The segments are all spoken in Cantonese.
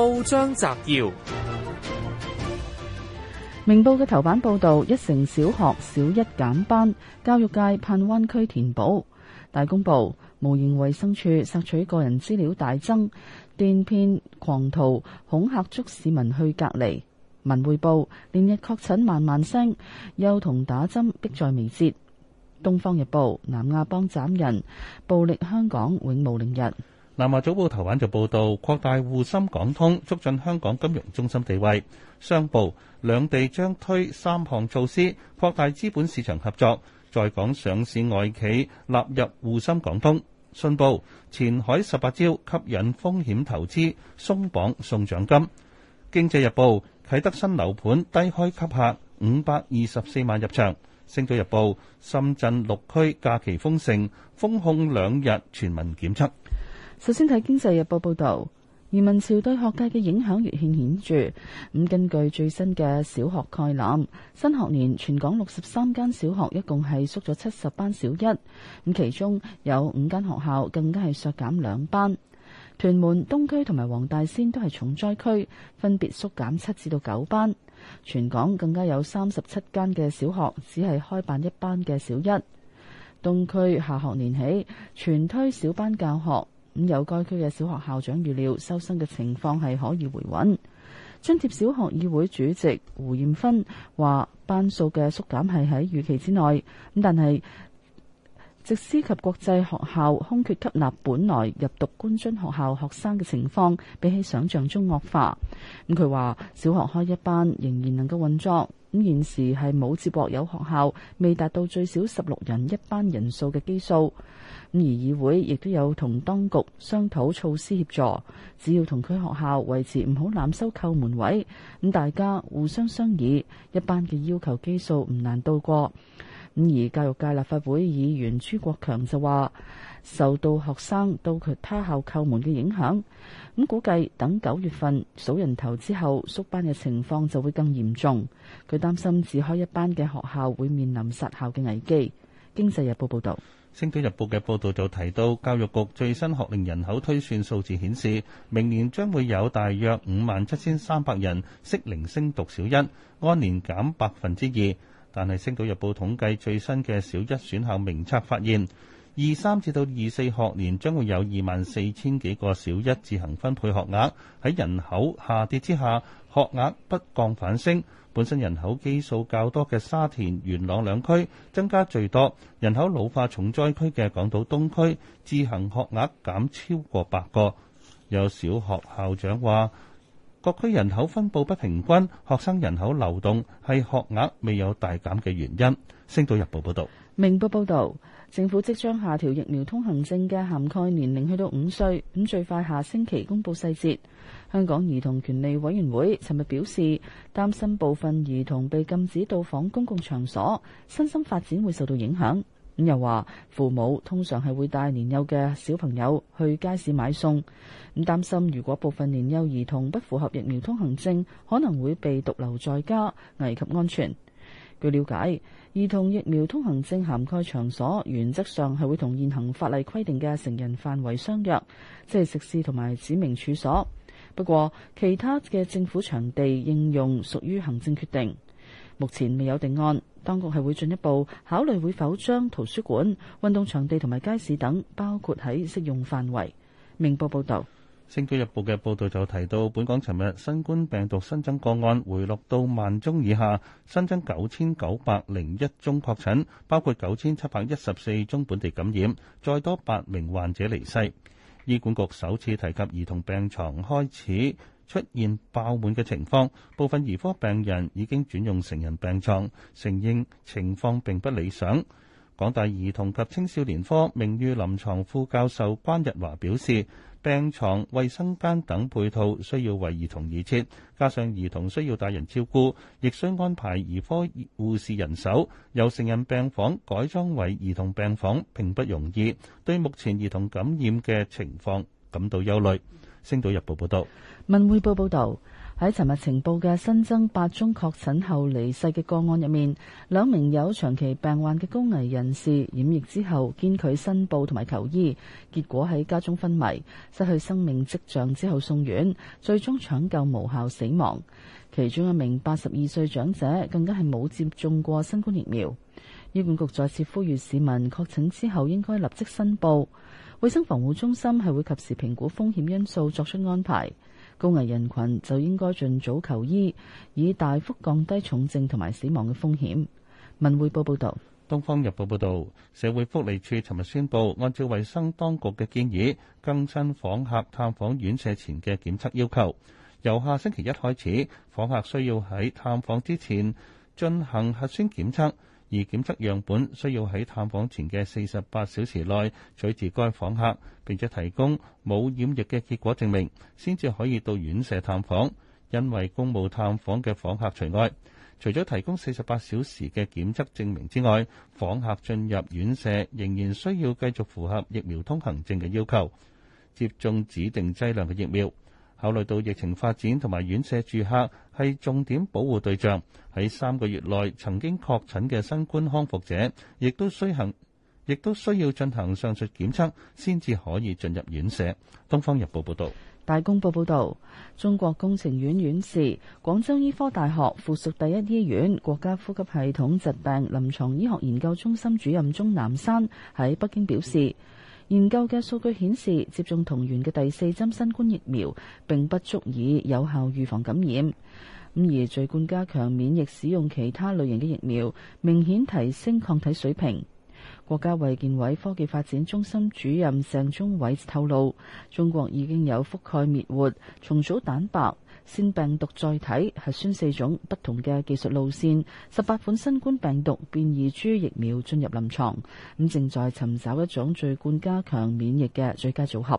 報章摘要：明報嘅頭版報道，一城小學小一減班，教育界盼灣區填補。大公報，無形衛生處索取個人資料大增，電騙狂徒恐吓捉市民去隔離。文匯報，連日確診萬萬聲，幼童打針迫在眉睫。東方日報，南亞幫斬人，暴力香港永無寧日。南華早報頭版就報道擴大滬深港通，促進香港金融中心地位。商報兩地將推三項措施擴大資本市場合作，在港上市外企納入滬深港通。信報前海十八招吸引風險投資鬆綁送獎金。經濟日報啟德新樓盤低開吸客五百二十四萬入場。星島日報深圳六區假期封城，封控兩日全民檢測。首先睇《經濟日報》報道，移民潮對學界嘅影響越顯顯著。咁根據最新嘅小學概覽，新學年全港六十三間小學一共係縮咗七十班小一，咁其中有五間學校更加係削減兩班。屯門、東區同埋黃大仙都係重災區，分別縮減七至到九班。全港更加有三十七間嘅小學只係開辦一班嘅小一。東區下學年起全推小班教學。有該區嘅小學校長預料收生嘅情況係可以回穩。津貼小學議會主席胡艷芬話，班數嘅縮減係喺預期之內，咁但係直資及國際學校空缺吸納本來入讀官津學校學生嘅情況比起想象中惡化。咁佢話，小學開一班仍然能夠運作。咁現時係冇接獲有學校未達到最少十六人一班人數嘅基數，咁而議會亦都有同當局商討措施協助，只要同區學校維持唔好濫收扣門位，咁大家互相相議，一班嘅要求基數唔難度過。咁而教育界立法會議員朱國強就話，受到學生到佢他校叩門嘅影響，咁估計等九月份數人頭之後縮班嘅情況就會更嚴重。佢擔心只開一班嘅學校會面臨殺校嘅危機。經濟日報報導。《星島日報》嘅報導就提到，教育局最新學齡人口推算數字顯示，明年將會有大約五萬七千三百人適齡升讀小一，按年減百分之二。但係，《星島日報》統計最新嘅小一選校名冊發現，二三至到二四學年將會有二萬四千幾個小一自行分配學額。喺人口下跌之下，學額不降反升。本身人口基數較多嘅沙田、元朗兩區增加最多，人口老化重災區嘅港島東區自行學額減超過百個。有小學校長話：各區人口分布不平均，學生人口流動係學額未有大減嘅原因。星島日報報道：「明報報道，政府即將下調疫苗通行證嘅涵蓋年齡去到五歲，咁最快下星期公布細節。香港兒童權利委員會尋日表示，擔心部分兒童被禁止到訪公共場所，身心發展會受到影響。」咁又話，父母通常係會帶年幼嘅小朋友去街市買餸，咁擔心如果部分年幼兒童不符合疫苗通行證，可能會被獨留在家，危及安全。據了解，兒童疫苗通行證涵蓋場所原則上係會同現行法例規定嘅成人範圍相約，即係食肆同埋指明處所。不過，其他嘅政府場地應用屬於行政決定，目前未有定案。當局係會進一步考慮會否將圖書館、運動場地同埋街市等包括喺適用範圍。明報報道，星島日報嘅報導就提到，本港尋日新冠病毒新增個案回落到萬宗以下，新增九千九百零一宗確診，包括九千七百一十四宗本地感染，再多八名患者離世。醫管局首次提及兒童病床開始出現爆滿嘅情況，部分兒科病人已經轉用成人病床，承認情況並不理想。港大兒童及青少年科名譽臨床副教授關日華表示，病床、衛生間等配套需要為兒童而設，加上兒童需要大人照顧，亦需安排兒科護士人手。由成人病房改裝為兒童病房並不容易，對目前兒童感染嘅情況感到憂慮。星島日報報道，文匯報報道，喺尋日情報嘅新增八宗確診後離世嘅個案入面，兩名有長期病患嘅高危人士染疫之後，堅拒申報同埋求醫，結果喺家中昏迷，失去生命跡象之後送院，最終搶救無效死亡。其中一名八十二歲長者，更加係冇接種過新冠疫苗。醫管局再次呼籲市民確診之後應該立即申報。衛生防護中心係會及時評估風險因素，作出安排。高危人群就應該盡早求醫，以大幅降低重症同埋死亡嘅風險。文匯報報道，東方日報報道，社會福利署尋日宣布，按照衛生當局嘅建議，更新訪客探訪院舍前嘅檢測要求。由下星期一開始，訪客需要喺探訪之前進行核酸檢測。而檢測樣本需要喺探訪前嘅四十八小時內取自該訪客，並且提供冇染疫嘅結果證明，先至可以到院舍探訪。因為公務探訪嘅訪客除外。除咗提供四十八小時嘅檢測證明之外，訪客進入院舍仍然需要繼續符合疫苗通行證嘅要求，接種指定劑量嘅疫苗。考慮到疫情發展同埋院舍住客係重點保護對象，喺三個月內曾經確診嘅新冠康復者，亦都需行，亦都需要進行上述檢測，先至可以進入院舍。《東方日報》報道，《大公報》報道，中國工程院院士、廣州醫科大學附屬第一醫院國家呼吸系統疾病臨床醫學研究中心主任鍾南山喺北京表示：研究嘅數據顯示，接種同源嘅第四針新冠疫苗並不足以有效預防感染，咁而序貫加強免疫使用其他類型嘅疫苗，明顯提升抗體水平。國家衛健委科技發展中心主任鄭忠偉透露，中國已經有覆蓋滅活、重組蛋白、腺病毒載體、核酸四種不同嘅技術路線，十八款新冠病毒變異株疫苗進入臨床，咁正在尋找一種最冠加強免疫嘅最佳組合。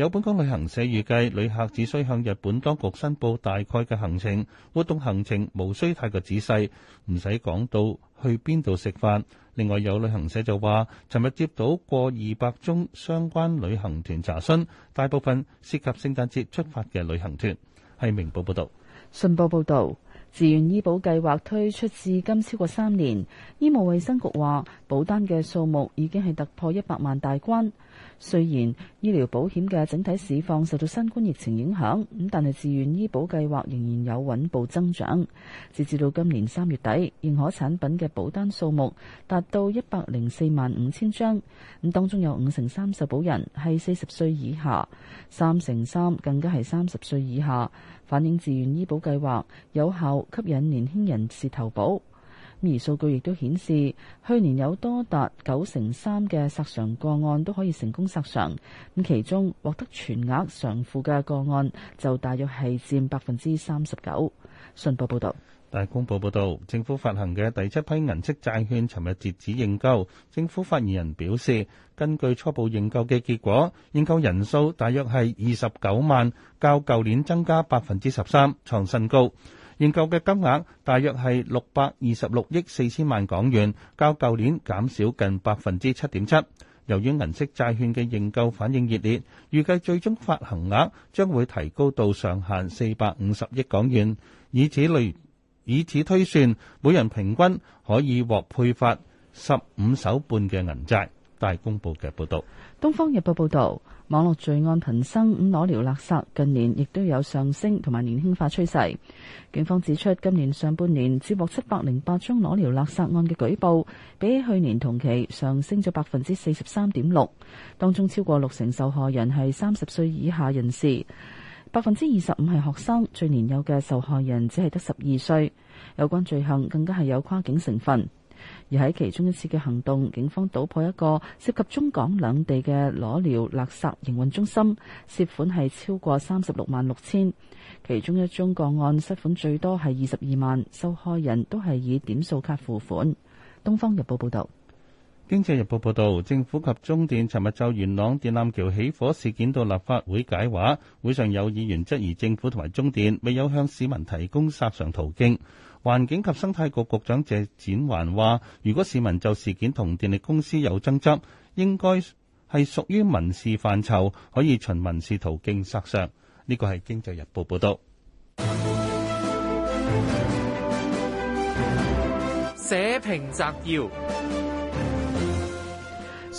有本港旅行社預計旅客只需向日本當局申報大概嘅行程，活動行程，無需太過仔細，唔使講到去邊度食飯。另外，有旅行社就話尋日接到過二百宗相關旅行團查詢，大部分涉及聖誕節出發嘅旅行團，係明報報道。信報報道，自願醫保計劃推出至今超過三年，醫務衛生局話，保單嘅數目已經係突破一百萬大關。雖然醫療保險嘅整體市況受到新冠疫情影響，咁但係自願醫保計劃仍然有穩步增長。截至到今年三月底，認可產品嘅保單數目達到一百零四萬五千張，咁當中有五成三受保人係四十歲以下，三成三更加係三十歲以下，反映自願醫保計劃有效吸引年輕人士投保。而數據亦都顯示，去年有多達九成三嘅索償個案都可以成功索償，咁其中獲得全額償付嘅個案就大約係佔百分之三十九。信報報導，大公報報道，政府發行嘅第七批銀色債券，尋日截止認購。政府發言人表示，根據初步認購嘅結果，認購人數大約係二十九萬，較舊年增加百分之十三，創新高。認購嘅金額大約係六百二十六億四千萬港元，較舊年減少近百分之七點七。由於銀色債券嘅認購反應熱烈，預計最終發行額將會提高到上限四百五十億港元。以此類以此推算，每人平均可以獲配發十五手半嘅銀債。大公報嘅報道，東方日報報道。網絡罪案頻生，裸聊勒索近年亦都有上升同埋年輕化趨勢。警方指出，今年上半年接獲七百零八宗裸聊勒索案嘅舉報，比起去年同期上升咗百分之四十三點六。當中超過六成受害人係三十歲以下人士，百分之二十五係學生，最年幼嘅受害人只係得十二歲。有關罪行更加係有跨境成分。而喺其中一次嘅行動，警方搗破一個涉及中港兩地嘅裸聊垃圾營運中心，涉款係超過三十六萬六千。其中一宗個案失款最多係二十二萬，受害人都係以點數卡付款。東方日報報道。經濟日報報道，政府及中電尋日就元朗電纜橋起火事件到立法會解話，會上有議員質疑政府同埋中電未有向市民提供索償途徑。環境及生態局局長謝展環話，如果市民就事件同電力公司有爭執，應該係屬於民事範疇，可以循民事途徑索償。呢、這個係經濟日報報道。社評摘要。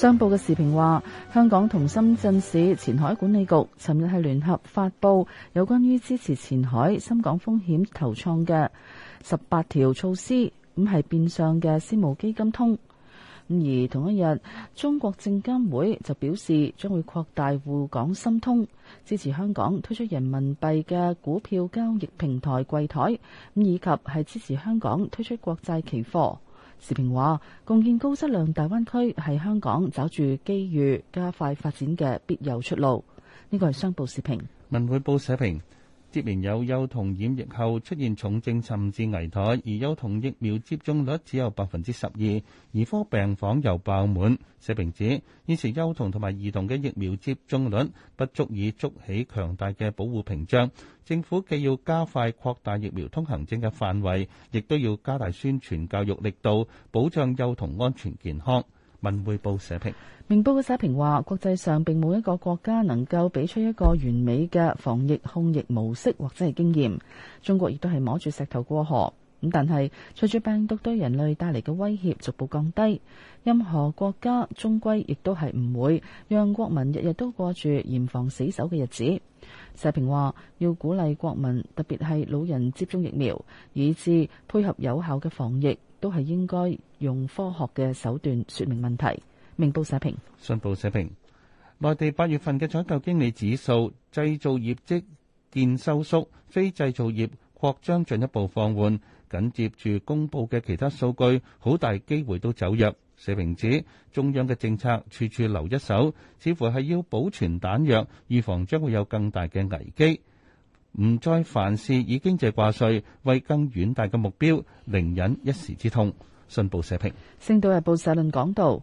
商報嘅視頻話，香港同深圳市前海管理局尋日係聯合發布有關於支持前海深港風險投創嘅十八條措施，咁係變相嘅私募基金通。而同一日，中國證監會就表示將會擴大互港深通，支持香港推出人民幣嘅股票交易平台櫃台，以及係支持香港推出國債期貨。時評話，共建高質量大灣區係香港找住機遇、加快發展嘅必有出路。呢個係商報時評。文匯報社評。接連有幼童染疫後出現重症，甚至危殆，而幼童疫苗接種率只有百分之十二，兒科病房又爆滿。社評指，現時幼童同埋兒童嘅疫苗接種率不足以築起強大嘅保護屏障，政府既要加快擴大疫苗通行證嘅範圍，亦都要加大宣傳教育力度，保障幼童安全健康。文匯報社評，明報嘅社評話：國際上並冇一個國家能夠俾出一個完美嘅防疫控疫模式或者係經驗。中國亦都係摸住石頭過河。咁但係隨住病毒對人類帶嚟嘅威脅逐步降低，任何國家終歸亦都係唔會讓國民日日都過住嚴防死守嘅日子。社評話要鼓勵國民，特別係老人接種疫苗，以至配合有效嘅防疫。都係應該用科學嘅手段說明問題。明報社評，信報社評，內地八月份嘅採購經理指數製造業績見收縮，非製造業擴張進一步放緩。緊接住公佈嘅其他數據，好大機會都走弱。社評指中央嘅政策處處留一手，似乎係要保存彈藥，預防將會有更大嘅危機。唔再凡事以經濟掛帥為更遠大嘅目標，寧忍一時之痛。信報社評，《星島日報社論》講到：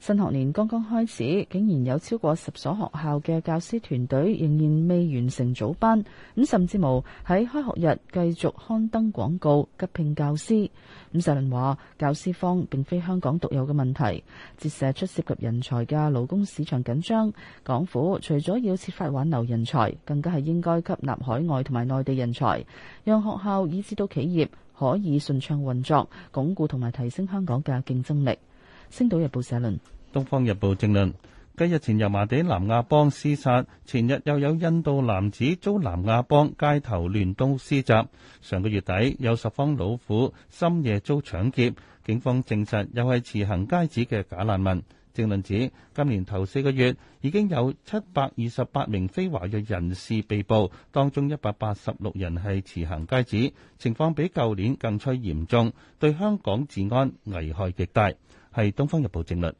新學年剛剛開始，竟然有超過十所學校嘅教師團隊仍然未完成組班，咁甚至無喺開學日繼續刊登廣告急聘教師。咁社論話，教師方並非香港獨有嘅問題，折射出涉及人才嘅勞工市場緊張。港府除咗要設法挽留人才，更加係應該吸納海外同埋內地人才，讓學校以至到企業，可以順暢運作，鞏固同埋提升香港嘅競爭力。星島日報社論，東方日報正論。繼日前油麻地南亞幫廝殺，前日又有印度男子遭南亞幫街頭亂刀施襲。上個月底有十方老婦深夜遭搶劫，警方證實又係持行街紙嘅假難民。政論指今年頭四個月已經有七百二十八名非華裔人士被捕，當中一百八十六人係持行街紙，情況比舊年更趨嚴重，對香港治安危害極大，係《東方日報》政論。